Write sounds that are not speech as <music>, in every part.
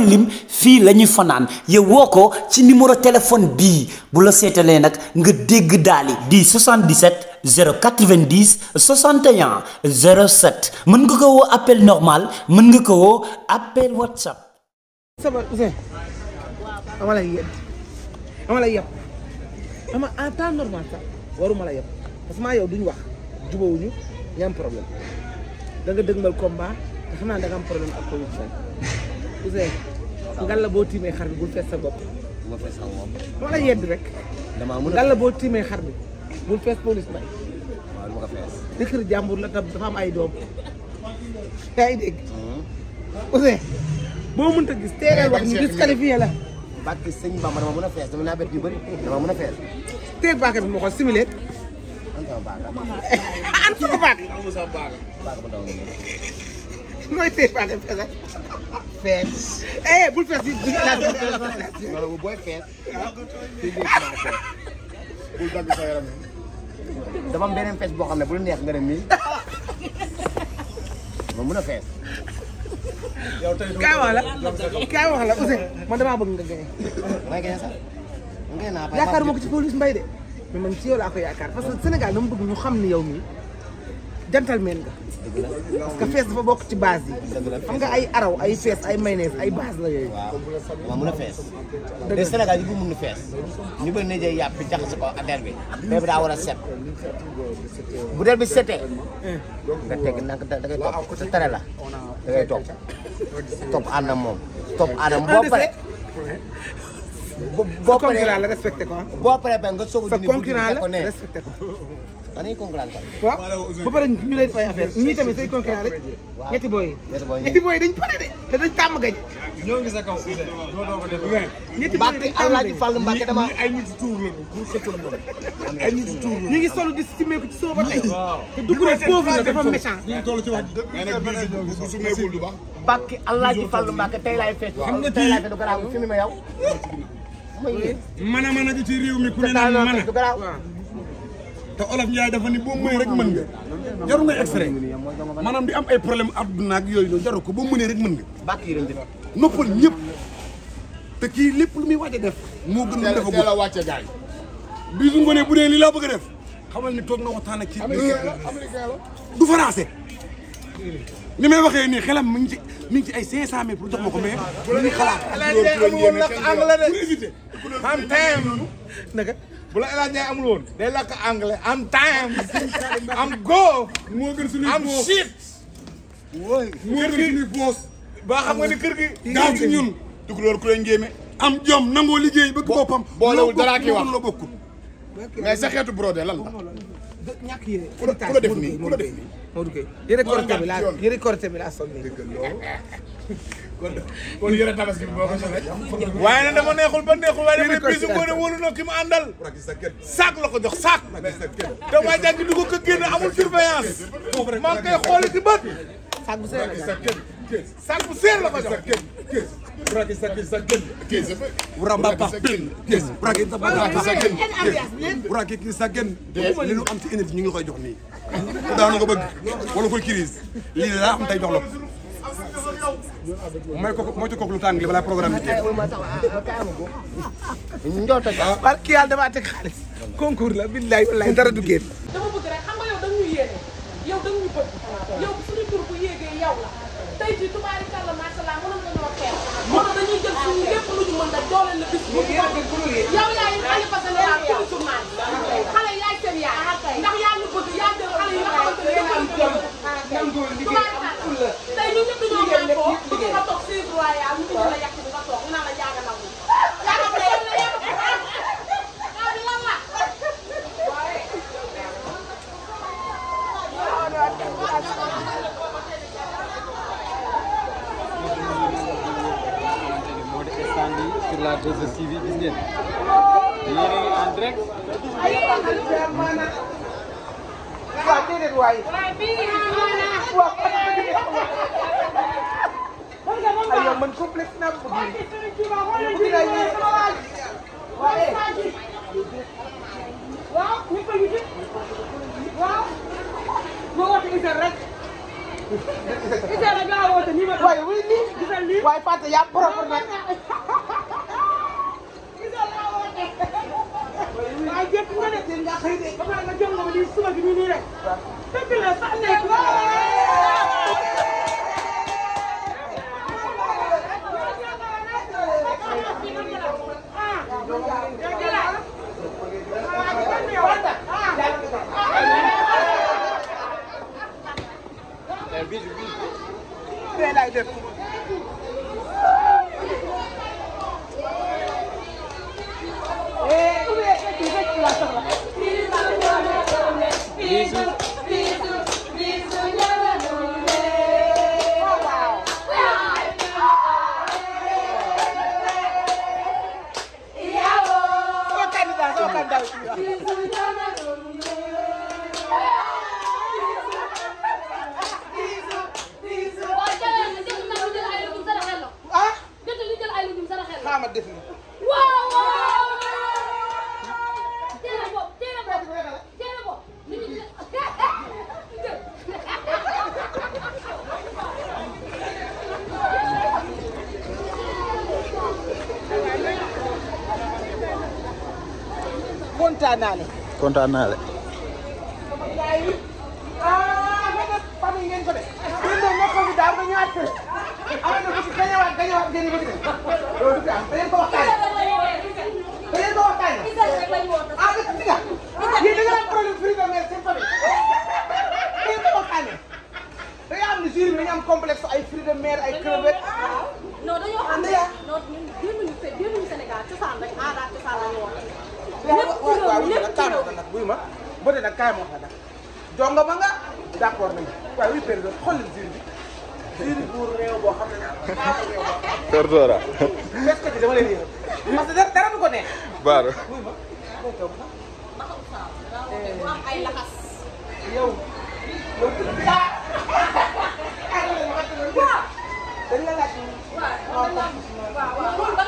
doon lim fii la fanaan yowoo ko ci numéro téléphone bii bu la seetalee nag nga dégg daali di 77 090 61 07 mën nga ko woo appel normal mën nga ko woo appel whatsapp. nga dëgmal combat te xam naa da nga ngal la boo tiimee xar bi bul fees sa bopp. bu ma fees sa yedd rek. a ngal la boo tiimee xar bi bul fees police bay. waaw lu la tam dafa ay doom. Hmm? boo mënta gis teelal wax ñu disqualifié la. barke sëñ Bamba dama ko similé. <laughs> mooy fees ba dem fees fees. eh bul fees di di la bu booy fees. boo xam ne bu neex nga dem nii. ma mun a fees. yow tey kaay wax la kaay wax la Ousseyn man damaa bëgg nga gagné. may gagné sax. yaakaar moo ko ci police mbay de. mais man ci yow laa ko yaakaar parce que Sénégal dama bëgg ñu xam ni yow mii. gentleman nga parce que fees dafa bokk ci base yi xam nga ay araw ay fees ay mayonnaise ay base la yooyu waaw mën a fees de Sénégal yi bu mun fees ñu bëri nañ jëy yàpp jaxase ko ak bi der daa war a set bu der bi setee nga teg nag da ngay topp sa tere la da ngay topp topp ànd ak moom topp ànd ak ah, boo pare boo pare boo pare ba nga soog a dindi ko ne dañuy concurrent tamit. waaw ba pare ñu lay def ay affaire ñii tamit say concurrent rek ñetti booy yi. ñetti booy yi dañ pare de te dañ tàmm gañ. ñoo ngi sa kaw Ousseyn doo doo ko def. ñetti booy yi dañ tàmm gañ Fallou Mbacke dama ay nit tuur la ñu xëccul moom ay nit tuur la ñu ngi solo di simeeku ci soo ba tey te dugg na foofu la dafa méchant. ñu toll ci wax bu sumeekul du baax. Mbacke Alaaji Fallou Mbacke tey laay fecc. xam nga tey laay fecc du garaaw fi mu ma yow. ma yéen. mën a mën a ci réew mi ku ne mën a te olof Njaay dafa ni boo mënee rek mën nga jaru ngay extrait maanaam di am ay problème àdduna ak yooyu noonu jaru ko boo mënee mën nga noppal ñëpp te kii lépp lu muy waaj a def moo gën lu dafa la wàcce gaay bi su ngoonee bu dee lii laa bëgg a def xamal ni toog na waxtaan ak ci du français ni may waxee nii xelam mi ngi ci mi ngi ci ay cinq cent pour jox ma ko mais mi ngi xalaat am time naka bu la El Hadj Ndiaye amul woon day làkk anglais am time am go. moo gën suñuy am shit. wóoy moo gën suñuy boos. ba xam nga ni kër gi. gaaw ci ñun. dugg loolu ku leen géeme. am jom nangoo liggéey bëgg boppam. boolewul dara ki wax la bokkul mais sa xeetu brodé lan la. ñàkk yéen ku la def nii ku la def nii. Modou Gueye yëre korité bi laa yëre korité bi laa sol nii. kon kon yëre tabaski bi boo ko soxee. waaye nag dama neexul ba neexul waaye damay bisu ngoone wóolu na ki mu àndal. saak la ko jox saak. te waa jàng du ko génn amul surveillance. maa ngi koy xooli ci bët. saak bu sëy saal bu seer la ko jox kees buraki sa kees sa gën kees wuramba pa pin kees buraki sa buraki sa gën buraki kii sa gën li nu am ci énergie ñu ngi koy jox nii ku daanu ko bëgg wala koy crise lii laa am tey jox la mooy ko mooy ko lu tàng li balaa programme bi jeex. ñoo toj. ah parce que yàlla damaa teg xaalis. concours la billahi wallahi dara du génn. dama bëgg rek xam nga yow da nga ñu yéene yow da nga ñu bëgg. tey jii tubaarikàlla macha allah mënoon nañoo xeex. moo tax dañuy jël suñu lépp lu ñu mën a dooleel la bis bu ñu yow yaay xalifa général kulu Jumaan xale yaay seen yaay ah, ndax yaa ñu bëgg yaa jël xale yi nga ah, xamante ne dafa ah, am jom tubaarikàlla tey ñu ñëpp ñoo mànkoo bu ñu la toog si royal ñu la yàq sur la 2STV gis ngeen yéen a ngi en direct. waaw déedéet waay. aywa man complexe naa ko waaye waaye Fatou yaa propre nag ma nii suba bi nii nii rek dëgg la sax nekk kontaan naa de d' accord nañu waaye huit personnes xoolal ziiri bi ziiri bu réew boo xam ne maa ngi réew boo. Tortora. bés ko ci dama leen yëngu parce que dara du ko neex. Baara. ay laxas. Eh. yow. dañ la laaj. waaw waaw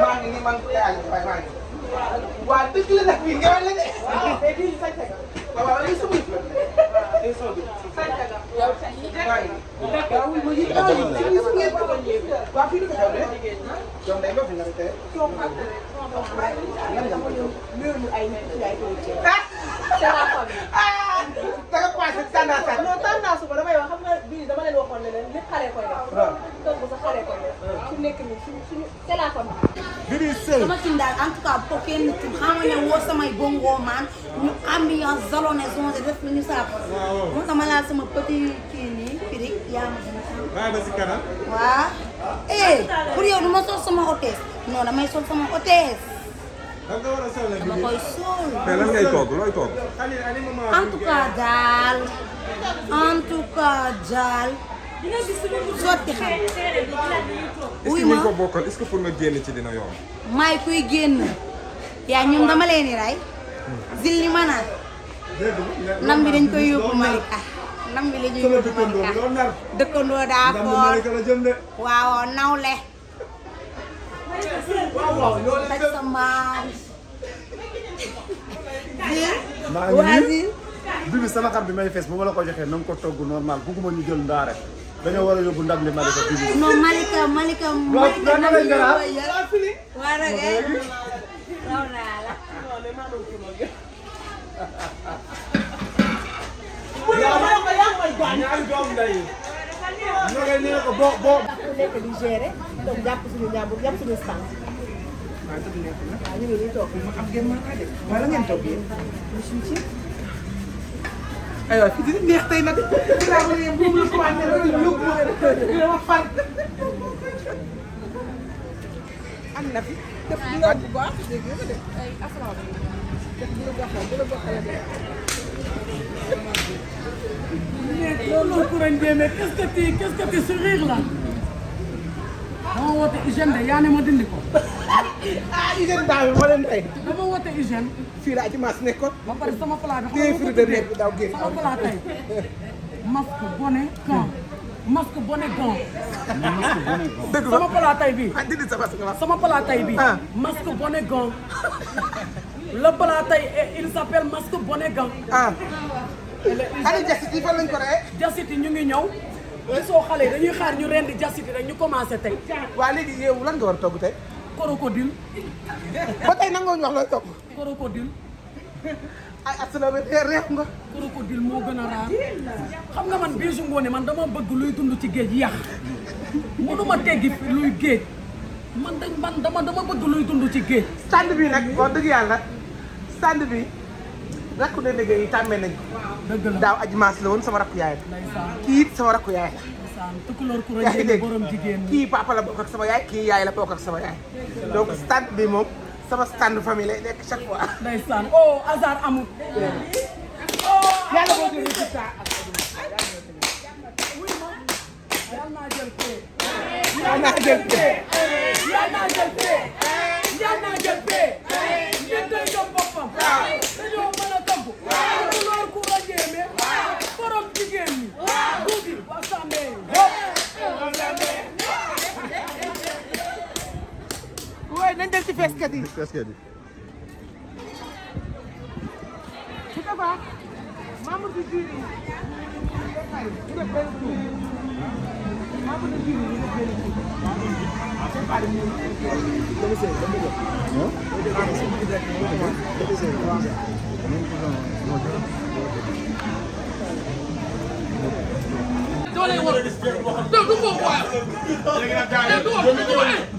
maa ngi nii man yaa ngi fay maa ngi waaw dëgg la nag fii ngelaw la de. waaw mais bii sañ sa gàll. waaw waaw lii sama yëf la. waaw lii sama yëf. sañ sa gàll. yow sañ yi dëkk. waaw yi ma yëg naa yi ci su ngeen bëggoon yëg. waaw fii dafa xew de. donc day bëgg nga rek. coow fàttali. lan nga mën a. mbiru ay nekk ci ay kër yi. c'est la famille. sa xale koy def. su nekk nii suñu suñu c'est la bongo man ñu ambiance zalone zone def lu ñu saako. waaw waaw ma laal sama petit kii nii firi yaa ma gën a xam. waaye ba si kanam. waaw. ma sol sama hôtesse non damay sol sama dama koy suul. mais lan ngay toog looy toog. en daal en daal. sotti xam. wuy ma est ko bokkal est-ce que nga génn ci dina yoon. may kuy génn. yaa ñun dama leen di rey. zilli ma nam bi dañ koy yóbbu Malick ah, nam bi la ñuy yóbbu Malick ah, dëkkandoo daa ko waaw nawle. faj sa mbaam bi bi sama xar bi may fees bu ma la ko joxee na ko togg normal bugguma ñu jël ndaa dañoo war a yóbbu ndam li Malika bi bi non Malika Malika Malika na lay gëna wa na ngay ko boo boo di gérer donc jàpp suñu njàmbur jàpp suñu stand. waaw dëgg la waaw ñu ngi nii toog am ngeen mën a def wala ngeen toog yéen. suñu ci. aywa fii di neex tey nag. dinaa ko yem bu mu la pointé rek ñu ngi wax far. am na fi. def bu la bu baax dégg nga de ay afro def bu la goxal bu la goxal Mais non, non, pour un bien, mais qu'est-ce que t'es, qu'est-ce que t'es sourire là dama woote hygiène de yaa ne ma dindi ko. <laughs> ah hygiène daaw bi ma leen tey. dama woote hygiène. fii laa ci maas nekkoon. ba pare sama plat bi xam nga bi daaw génn sama plat tey masque bonnet gant masque bonnet gant. masque bonnet gant. dëgg la sama plat tey bii. ah dindi sa masque la sama plat tey bii. Ah. masque bonnet gant. le plat tey eh, il s'appelle masque bonnet gant. ah. xale jasit yi fan lañ ko rey. jasit yi ñu ngi ñëw. waaye soo xalee dañuy xaar ñu rendi jasiti rek ñu commencé tey. waa léegi yow lan nga war a togg tey. crocodile. ba tey nangoo ñu wax looy togg. crocodile. ay asalaamaaleykum reex nga. crocodile moo gën a raar xam nga man Bijou Ngoné man dama bëgg luy dund ci géej yàq mënuma teggi luy géej man dañ man dama dama bëgg luy dund ci géej. stand bi nag wax dëgg yàlla stand bi. rakku Ndeye Ndege yi tàmmee nañ ko. daaw aji maas la woon sama rakku yaay la. kii it sama rakku yaay la. yaa ngi dégg kii papa la bokk ak sama yaay kii yaay la bokk ak sama yaay donc stand bi moom sama stand famille lay nekk chaque fois. ndeysaan oh hasard amul. yàlla boo jëlee ci saa. yàlla naa jël fee. yàlla naa jël fee. yàlla naa jël fee. yàlla naa jël fee. ñetteel jox boppam. nañ dem ci feeskat yi feeskat yi bu ko baax membre du jury yi def benn tour membre du jury yi def benn tour dama sey dama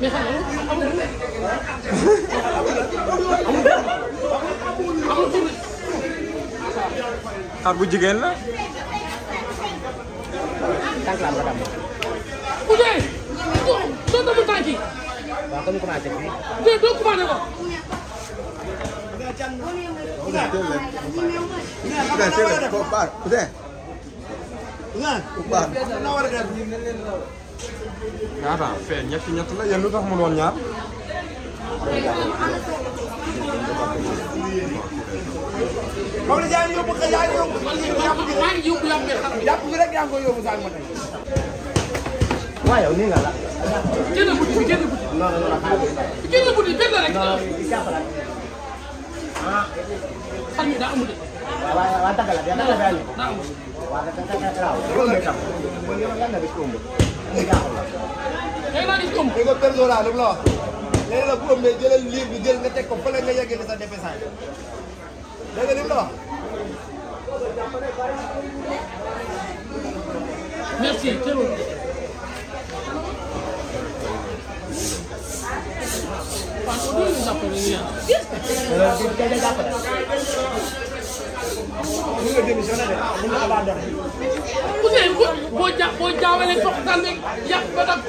mais xam nga amul amul xar bu jigéen la. tànk la am nga dàmm. Oudé. doo doomu tànk yi. waaw comme commencé bi. Oudé doo commandé ko. Oudé. Oudé. Oudé. mais attends fee ñetti ñett la yéen lu tax mu doon ñaar. Maodo yaa ngi yóbbu xëy yaa ngi yóbbu. maa ngi yóbbu yàpp bi xam yàpp bi rek yaa ngi koy yóbbu Saalum tey. waaw yow nii nga la. kenn buddi bi kenn buddi. non non non kenn buddi benn rek. non ah. xam nga daa amul de. waaw waaw waaw dàgg la dàgg la dàgg la. daa amul. waaw dàgg la dàgg la waaw. loolu la ñu am. dégg nga perso la lu la wax léegi la bu ëmbee jëlal livre bi jël nga teg ko fële nga yeggale sa dépensage dégg nga li mu la wax. merci. parce que Ousseynou ko boo ja boo jaawalee poxtaan rek yàq ba dab.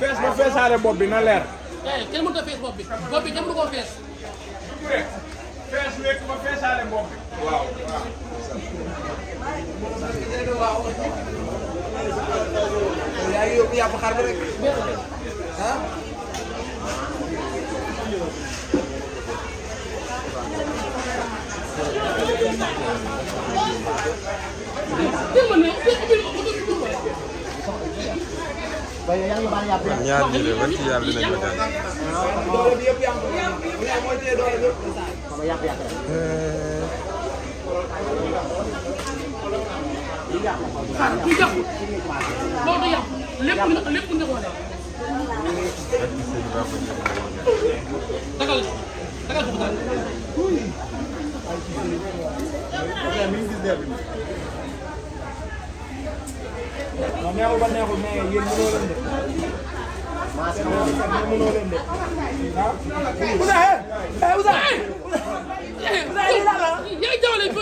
fees ba feesaale bopp bi na leer. Eh, kenn mënut a fees bopp bi kenn mënu koo fees. fees wekk ba feesaale mboq bi. waaw waaw. yaa ngi yóbbu yàpp xar bi rek ah. ñaar ñi de ban ci yàlla dinañ ko jaay. xam nga yàq-yàq la. du yàq loolu yàq lépp lépp nga ko def. dagal dagal ko daal. non neexul ba neexul mais yéen mënoo leen de. Udah, udah, udah, udah, udah,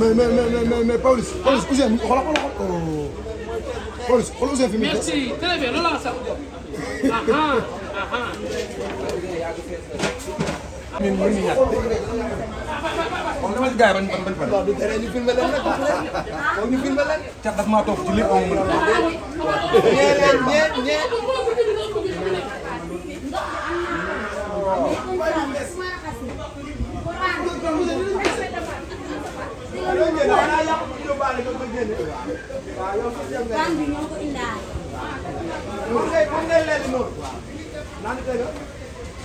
mais mais mais mais Pawlish Pawlish Ouzin xoolal xoolal xoolal Ouzin fi mu. merci très bien loolu laa sax. <laughs> ñun mën nañu ñàkk. moom dama ci gars yi bañ bañ bañ. waaw du tere ñu filmé leen rek wax leen ñu filmé leen. ca daf maa toog ci lépp amu mën. ñee leen ñee ñee. waaw.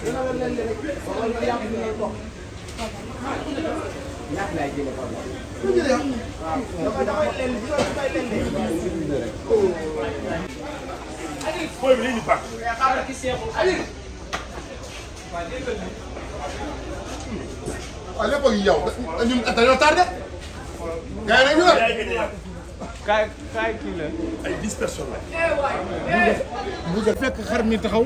ñax laay jëlee xaw ma. lu jëlee wax. waaw dafay lenn bu doon dafay lenn de. booy bi dañuy baax. xaaral ki seexul. waaw lépp ak yow ñun dañoo tardé. gars yi dañuy war. kaay kaay kii la. ay dix personnes la. bu fekk xar mi taxaw.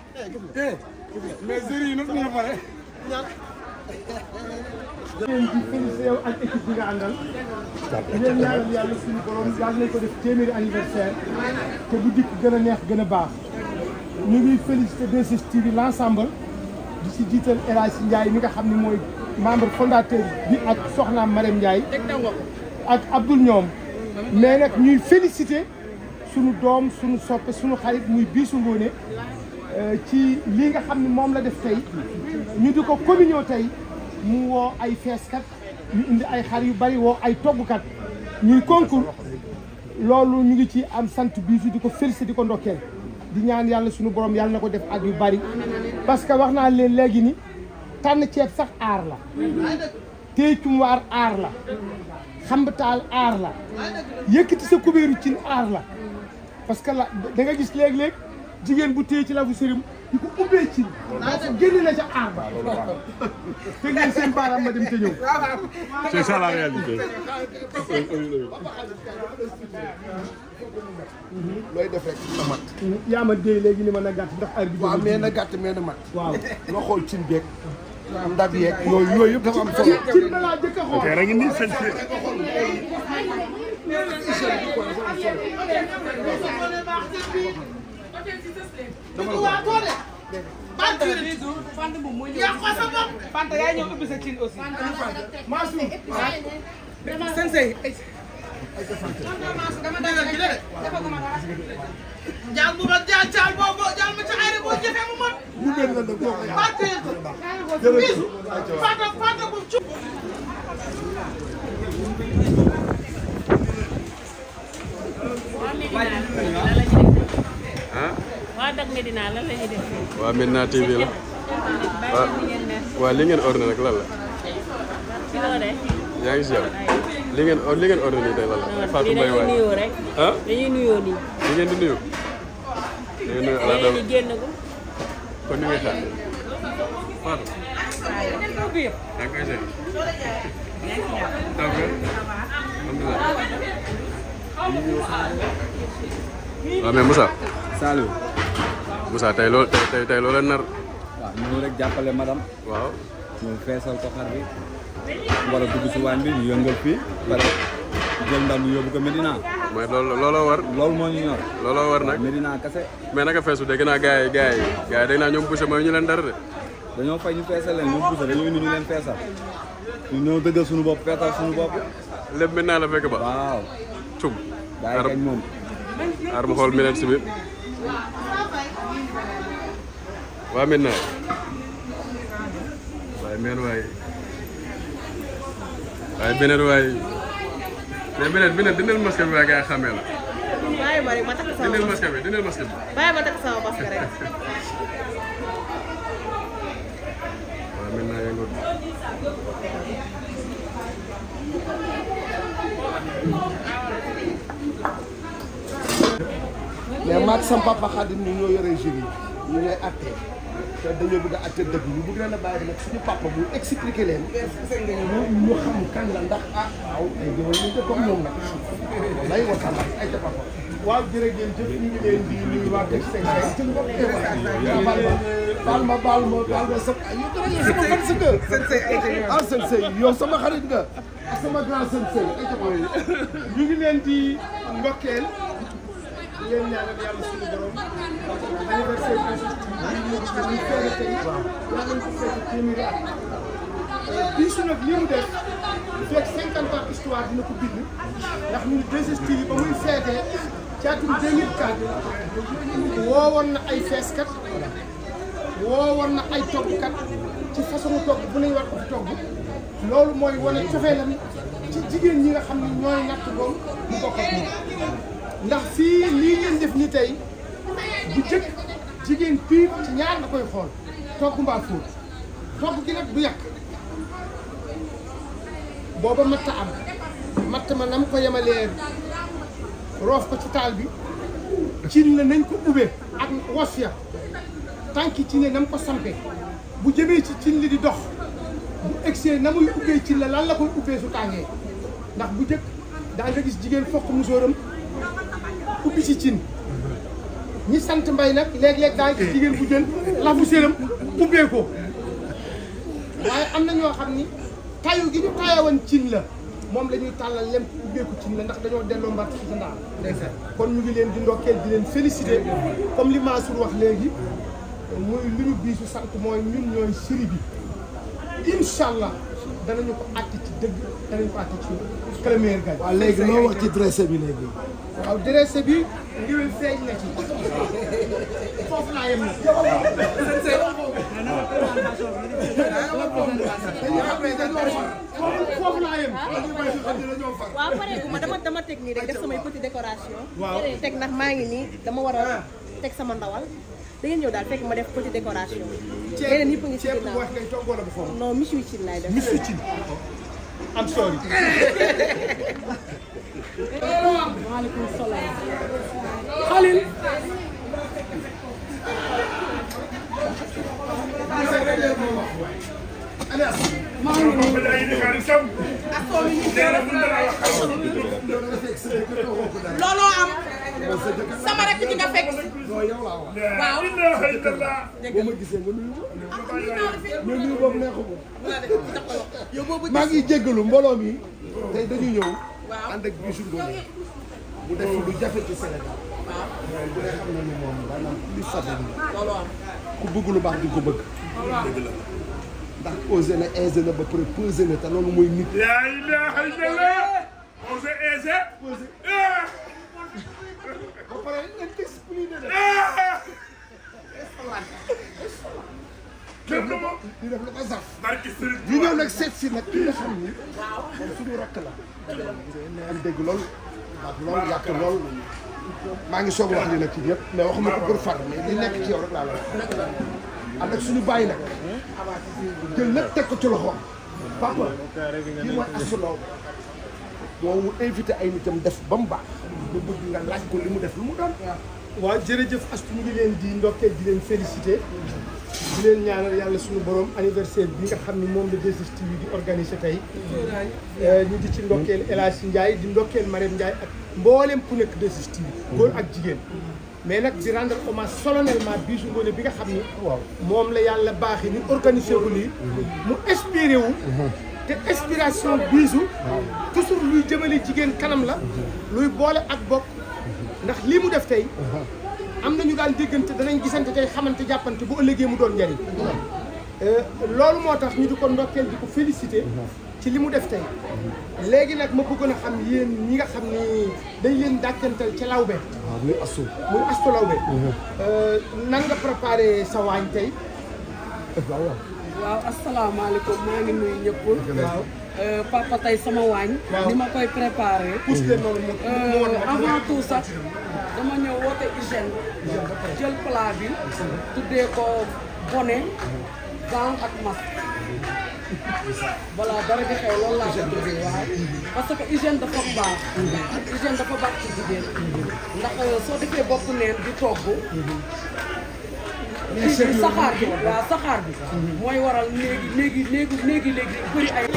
mais yi nag ñu ngi pare. ngeen di félicité yow ak suñu borom yàlla te bu dikk gën a neex gën a baax. ñu ngi félicité 2STV l'ensemble. di si jiital El Hadj Ndiaye nga xam ni mooy membre fondateur bi ak soxnaam Marème Ndiaye. ak Abdoul ñoom. mais nag ñuy félicité. suñu doom suñu soppe suñu xarit muy Bijou Ngoné Euh, ci lii nga xam ne moom la def tey ñu di ko communion tey mu woo ay feeskat ñu indi ay xar yu bari woo ay toggkat ñuy concours loolu ñu ngi ci am sant biisu di ko félicité di ko ndokkeel di ñaan yàlla sunu borom yàlla na ko def ak yu bari parce que wax naa leen léegi ni tànn ceeb sax aar la téycumwaar aar la xambataal aar la yëkkati sa kubéeru cin aar la parce que la nga gis léeg-léeg jigéen bu téye ci lafu sëriñ di ko ubbee ci génn na ca aar ba te ngeen seen ma dem te ñëw c'est ça la réalité looy def rek ma déy léegi ni ma na gàtt ndax aar bi waaw mais na gàtt na mat waaw nga xool cin beeg ndab yeeg yooyu yooyu yëpp dafa am solo cin da laa jëkk a xool rek waa góor la. Fanta Fanta moom mooy ñëw. Fanta yaay ñëw ubbi sa cin aussi. Mansour sensei. dama dagal ji de. jaal bu ma jaal jaal boo boo jaal ma ci xayri boo jëfee mu mën. Fanta Fanta bu Medina lan la ñuy def. waaw Medina TV la. waaw waaw li ngeen ordonné rek lan la. ci loolee. yaa ngi si yow. li ngeen li ngeen ordonné tey lan la. Fatou Mbaye waay nuyoo rek. ah dañuy nuyoo nii. li ngeen di nuyu. li ngeen di nuyu ala dama génn ko. kon ni ngay tànn Fatou. yaa ngi koy seet. donc. alhamdulilah. waaw mais Moussa. Saliou. musaa tey loolu tey tey loola nar. waaw ñëw rek jàppale madame. waaw ñëw feesal ko xar bi. war dugg si waañ bi ñu yëngal fii. pare jël ndam yóbbu ko Medina. mooy loolu looloo war. loolu moo ñu ñor. looloo war nag Medina kese. mais naka feesu dégg naa gars yi gars yi naa ñoom Boucher mooy ñu leen dara de. dañoo fay ñu feesal leen ñoom Boucher dañoo indi ñu leen feesal. ñu ñëw dëggal suñu bopp feesal suñu bopp. lépp mën la fekk ba. waaw. cum. gars kañ moom. aar ma mi leen si waa maintenant waaye meen waay waaye beneen waay mais beneen beneen dindal masque bi waaye gaa xamee la. bàyyi ma rek ma takk sama dindal masque bi dindal masque bi. bàyyi ma takk sama masque rek. waaw maintenant yëngu. mais maag sama papa Xaadim ñu ñoo yore jeunes yi ñu ñooy àttee. te dañoo bëgg a àtte dëgg ñu bëgg leen a bàyyi nag suñu papa bu expliqué leen ñu xam kan la ndax ah waaw ay jëwal ñu ko comme ñoom nag lay wasala ay ca papa waaw jërëjëf jëf ñu ngi leen di nuyu waa Tek 5 baal ma baal ma baal ma sa yow dara sama xarit sa kër ah sën sëy yow sama xarit nga ak sama grand sën sëy ay ca papa ñu ngi leen di ndokkeel leen ñaanal yàlla suñu borom anniversaire bi feerete yaa ngi ko fekk téeméeri at bii su nag li mu def fekk cinquante ans histoire dina ko bind ndax ñu desistir yi ba muy feetee ci atum 2004 woowoon na ay feeskat woowoon na ay toggkat ci façon togg bu nañ war ko togg loolu mooy wane cofeelam ci jigéen ñi nga xam ne ñooy natt boom mu bokk ak ndax fii lii ngeen def ni tey bu jëkk jigéen piir ci ñaar na koy xool togg mbaa fóot togg gi nag du yàq booba matt am matt ma nam ko yemalee roof ko ci taal bi cin la nañ ko ubbee ak wos ya tànki cin la nam ko sampee bu jëmee ci cin li di dox bu egsee na muy ubbee cin la lan la koy ubbee su tàngee ndax bu jëkk daa nga gis jigéen fokk musóoram ubbi ci cin ñi sant mbay nag léeg-léeg daal ci jigéen bu jël lafu séram ubbee waaye am na ñoo xam ni tayu gi ñu tayawoon cin la moom la tàllal lem ubbeeku cin la ndax dañoo delloo mbatt ci ndaar kon ñu ngi leen di ndokkeel di leen félicité comme li Mansour wax léegi muy lu ñu biisu sant mooy ñun ñooy siri bi incha allah danañu ko àtt ci dëgg danañu ko àtt ci première gañ. léegi noo wax ci dressé bi léegi. waaw dressé bi. ngir feeñ na ci. foofu laa yem waaw pareegu ma dama dama teg nii rek def samay petit décoration. waaw teg ndax maa ngi nii dama war a ah. teg sama ndawal. da ngeen ñëw daal fekk ma def petit décoration. leneen yëpp a ngi ci ginnaaw ceeb def. misu cin. am sorry. maaleykum salaam. Khalil. looloo am. sama rakk ji nga fekk. non ma gisee nga nuyu ma. Ah, ah, nuyu boobu neexuma. yow boobu maa ngi jéggalu mbooloo mi oh. tey dañu ñëw. waaw ànd ak Youssou Ndour mu def lu jafe ci Sénégal. waaw bu dee xam na ni moom maanaam li sabab la. ku bëgg lu baax di ko bëgg. ndax osé na aisé na ba pare pesé na te loolu mooy nit. yaa ilaha illallah osé aisé. Ah. ba pare ngeen expliqué de. def na moom ñu def lu ko saf. ñu ñëw nag seet si nag ki nga xam ni. waaw moom suñu rakk la. am dégg lool. baax lool yàq lool. maa ngi soog wax li nag ci yëpp. mais waxuma ko pour far mais li nekk ci yow rek laa la wax. ànd ak suñu bàyyi nag. jël lépp teg ko ci loxoom. papa kii mooy asuloo. moo mu invité ay nitam def ba mu baax. ba bëgg nga laaj ko li mu def lu mu doon. waaw jërëjëf Astou ñu ngi leen di ndokkee di leen félicité. di leen ñaanal yàlla suñu borom anniversaire bi nga xam ni moom la 2STV di organisé tey. Euh, ñu di ci ndokkeel El Hadj Ndiaye di ndokkeel Marème Ndiaye ak mboolem ku nekk 2STV. ak jigéen. mais nag di rendre hommage solennellement Bijou Ngoné bi nga xam ni. waaw moom la yàlla baaxee ñu organisé ko lii. mu inspiré wu. te inspiration biisu toujours luy jëmale jigéen kanam la luy boole ak bokk ndax lii mu def tey am nañu daal déggante danañ gisante tey xamante jàppante bu ëllëgee mu doon njariñ euh, loolu moo tax ñu di ko ndokkeel di ko félicité ci li mu def tey léegi nag ma bëggoon a xam yéen ñi nga xam ni dañ leen dàkkantal ci lawbe ah, muy astu muy astu lawbe uh-huh. euh, nan nga préparé sa waañ tey eh, waaw asalaamaaleykum maa ngi nuyu ñëpp. waaw euh, papa sama waañ. ni ma koy préparé. Euh, avant tout sax dama ñëw woote hygiène. jël plat bi. tuddee ko bonnet gant ak masque. voilà dara di xew loolu laa ko tuddee waaw. parce que hygiène dafa baax. hygiène dafa baax ndax euh, soo defee bopp neen di togg. saxaar bi waaw saxaar bi mooy waral léegi léegi léegi léegi léegi bëri ay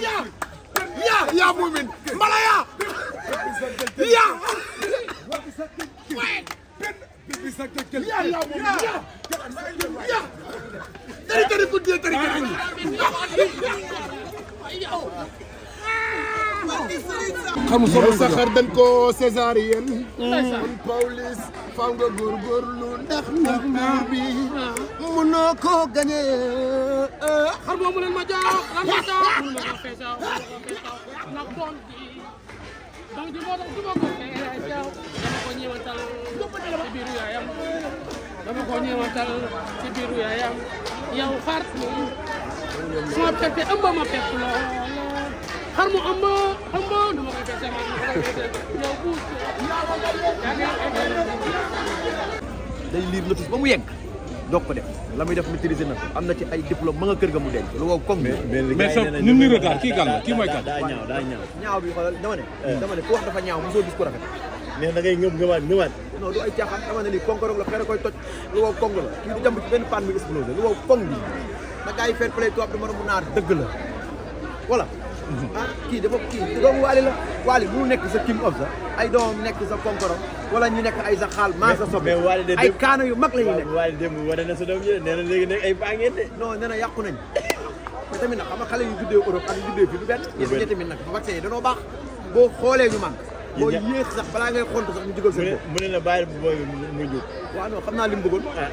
Yeah. yaa yaa muumin mbala yaa yaa yaa yaa muumin yaa yaa tari tari guddi tari tari guddi xamu saxar dañ ko césarienne Paulis faw nga góorgóorlu ndax ndax buur bi mënoo ko gañe xar boobu leen ma jox lan ma jox ma fesaw ndax doom ji doom ji moo tax du ma ko fesaw dama ko ñëwatal ci biiru yaayam dama ko ñëwatal ci biiru yaayam yow xaar sama pepe ëmb ma pepp lool xar mu ëmb ëmb nu ma mu yegg doog ko def la muy def maîtriser na am na ma nga kër ga mu denc lu wow comme mais sa ñun ni retard kii kan la kii mooy kan daa ñaaw daa ñaaw ñaaw bi xoolal dama eh. ku wax dafa ñaaw mosoo gis ku rafet mais da ngay ngëm ngëwaat ngëwaat non du ay caaxaan dama ne lii konkorog la fere koy toj lu wow kong la kii du jàmb ci benn paan muy explosé lu wow kong bi na gars yi fair play dëgg la voilà Ah, kii de dafa kii doomu waali la waali bu nekk sa king of sa ay doomam nekk sa konkoro wala ñu nekk ay sa xaal maa sa soppe ay kaana yu mag la ñuy nekk waali démb wane sa doom yi nee na léegi nekk ay bàngeen de non nee na yàqu nañ mais tamit nag xam nga xale yu juddee Europe ak yu juddee fii du benn gis nga tamit nag vaccin yi danoo baax boo xoolee ñu man boo yéex sax balaa ngay xont sax ñu jugal sa bopp mu ne la bàyyi bu mu jóg waaw non xam naa li mu bëggoon ah.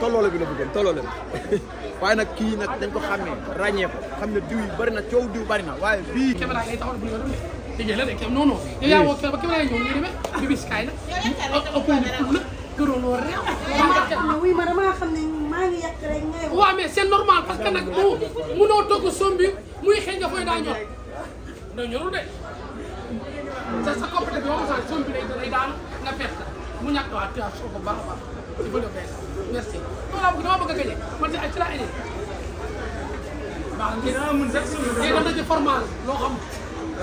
tolloole bi la bëggoon tolloole bi <laughs> waaye nag kii nag dañ ko xàmmee ràññee ko xam ne diw yi bëri na coow diw bëri na waaye bii caméra ngay taxawal bu ñu doon de dégg la de non non yow yaa woo ba caméra ñëw ñu demee bi bis kaay la ëppo ni pour la gëroon loo réew ah, ah, oui ma dama xam ne maa ngi yàq rek ngay waaw mais c'est normal parce que nag mu munoo togg sombi muy xëy nga fooy daa ñor da ñorul de sa sa coppite bi waxu sa sombi lay daanu nga perte mu ñàkk waa tu as ko baax a baax ci bële bees merci dama bëgg a gagné man ci la añee. waaw ngeen a mën sax suñu. ngeen a mën formal loo xam.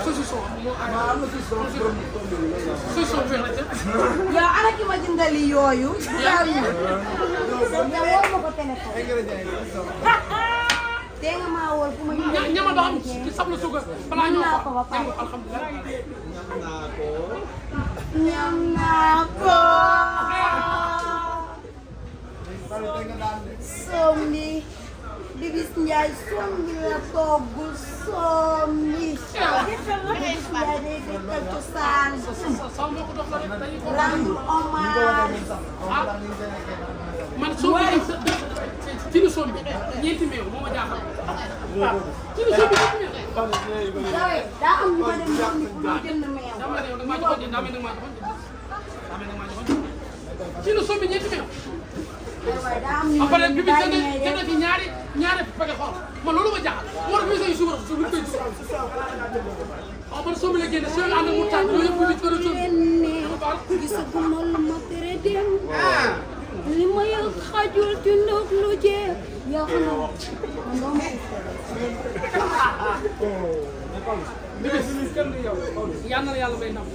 saucisson moo ànd. waaw am na saucisson bu weex la yow ana ki ma jëndali yooyu. yaa ngi ma ko téléphone. dégg nga maa wóor fu ma ñu. ña ña ma ba xam ci sab la suukar balaa ñoo ko ba pare alhamdulilah. ñam naa ko. ñam naa ko. somni bibis njaay somni la togg somni bibis njaay day dëkkal cosaan rendu hommage man sombi cin sombi ñeenti meew moo ma jaaxal cin après bi bi jëndee jëndee fi ñaari ñaari pege xool man loolu ma jaaxal. moo tax bi say suba su buñ koy dugal. waaw man soo bëggee génne soo leen ànd mu tànn yooyu yëpp ñu gën a tudd. gisaguma lu ma tere dem. li ma yëg xajul ci ndox lu jee yàq na man doo ma. li des yàlla na yàlla may ndam.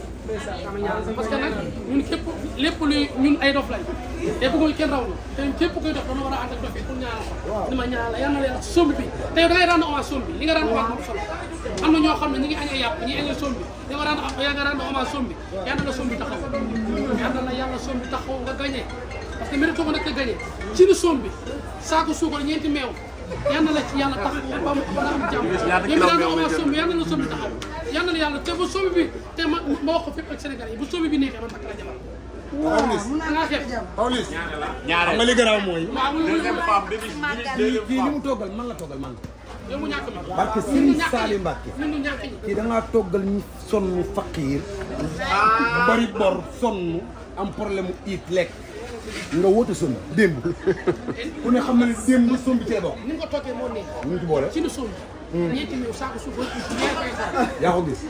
parce que nag ñun képp lépp luy ñun ay dof lañ te bëggul kenn raw na te képp koy dof dama war a ànd ak dof yi pour ñaanal ko ni ma ñaanal yal na leen somb bi te yow da ngay rendre hommage somb bi li nga rendre hommage am solo am na ñoo xam ne ñi ngi añee yàpp ñi añee somb bi li nga rendre yaa nga rendre hommage somb bi yal na la somb bi taxaw yal na la yàlla somb bi taxaw nga gagné parce que mérite ko nag nga gagné ci ni somb bi saako suukar ñeenti meew yal na la ci yàlla tax ba am jàmm yéen daal ma amoon na la sombi taxaw yal yàlla te bu sombi bi te ma ma wax ko fépp ak Sénégal yi bu sombi bi neexee man takk la jabar Pawlish Pawlish ñaareel xam nga li man la toggal man. barke Serigne Saali Mbacke kii da ngaa toggal ñu sonn faqiir ah. bari bor sonn am problème nga woote sombi démb ku ne xam na ne démb sombi cee bokk ni nga ko toggee moo neex ñu ci boole ci nu sombi ñeenti ñëw saako suuf ba ci ñeent koy sax yaa ko gis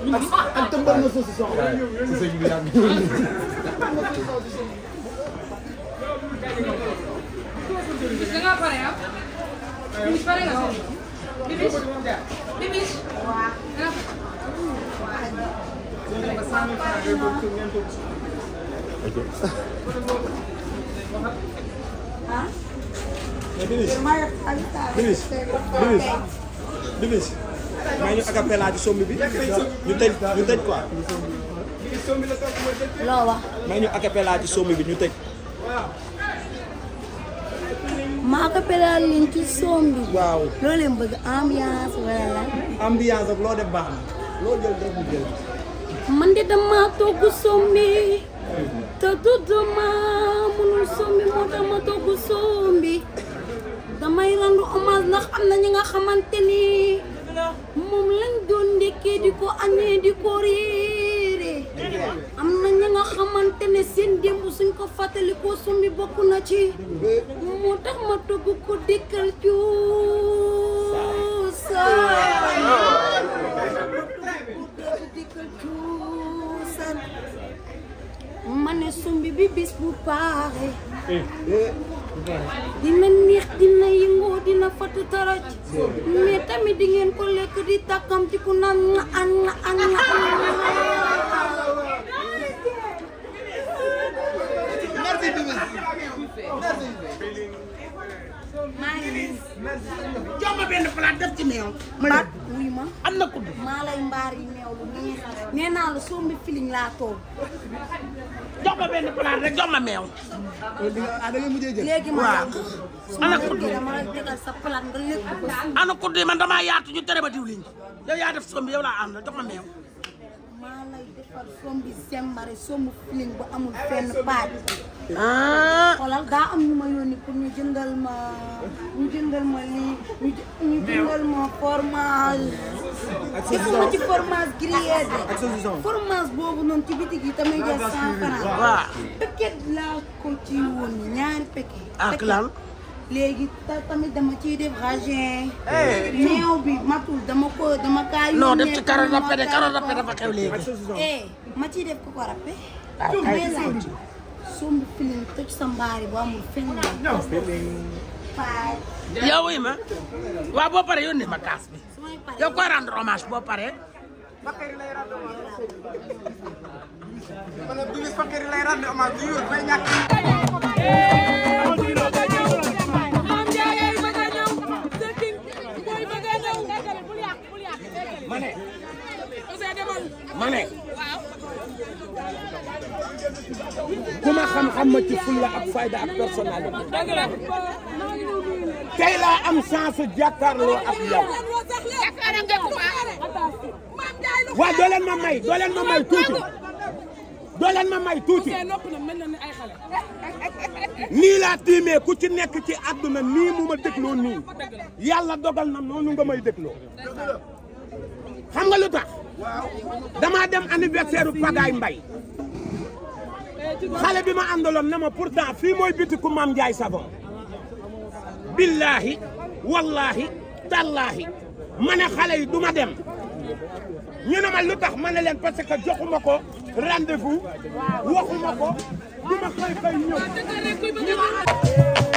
ak tëmbal na soosi soxla si sëñ bi yaa ngi ñëw nii da nga pare ah bis pare nga sëñ bi bis bis waaw ah. bilis bilis bilis may ñu acapella ci bi ñu tëj ci sombi bi ñu tëj. ma acapella leen ci sombi. waaw loo leen bëgg ambiance wala lan. ambiance baax na loo jël def togg sombi te tudd ma. munul sombi moo tax ma togg sombi damay rendu hommage ndax am na ñi nga xamante ni moom lañ doon ndekkee di ko añee di ko réere am na ñi nga xamante ne seen démb suñ ko fàttali ko sombi bokk na ci moo tax ma togg ko dëkkal coosaa ma ne sumbi bi bis bu paaxe dina neex dina yëngoo dina fatu taraj mais tamit di ngeen ko lekk di takkam ci ku naan na an na an na jox ma benn palaat def ci meew. ma wuy ma am na kudd. maa lay mbaar yi meew lu neex nee naa la sombi filiñ laa toog. jox ma benn palaat rek jox ma meew. Ah, léegi ma yàq. ana damaa yaatu ñu tere ba diwlin yow yaa def sombi yow laa am la jox ma som bi sembare somu filing bu amul fenn paaj ah. xoolal daa am ñu ma yónni pour ñu ma ñu jëndal ma lii ñu jëndal ma fromage gisuma ci fromage gruyère de fromage boobu noonu ci bitig yi tamay jël cent francs paquet laa ko ci woon ñaari paquet ak lan léegi tamit dama ciy def ragin. Eh, eh, meew bi matul dama ko dama kaa yu. non def ci carotte râpée de eh, ma ciy def coco râpé. waaw ah, kay tuuti sumb filim toj sa yow yi ma kaas bi yow koy rendre boo paree. ma ne xam-xam ma ci fulla ak fayda ak personnalité tey laa am chance su ak yow. waaw doo leen may doo leen may tuuti doo leen may tuuti nii laa ku ci nekk ci àdduna nii mu ma dégloo nii yàlla dogal na noonu nga may dégloo. xam nga lu dama dem anniversaire u Pagaay Mbay xale bi ma àndaloon ne ma pourtant fii mooy bitiku Maam Njaay Savon billaahi wallaahi tallaahi ma ne xale yi du ma dem ñu ne ma lu tax ma ne leen parce que joxuma ko rendez-vous waxuma ko du ma xëy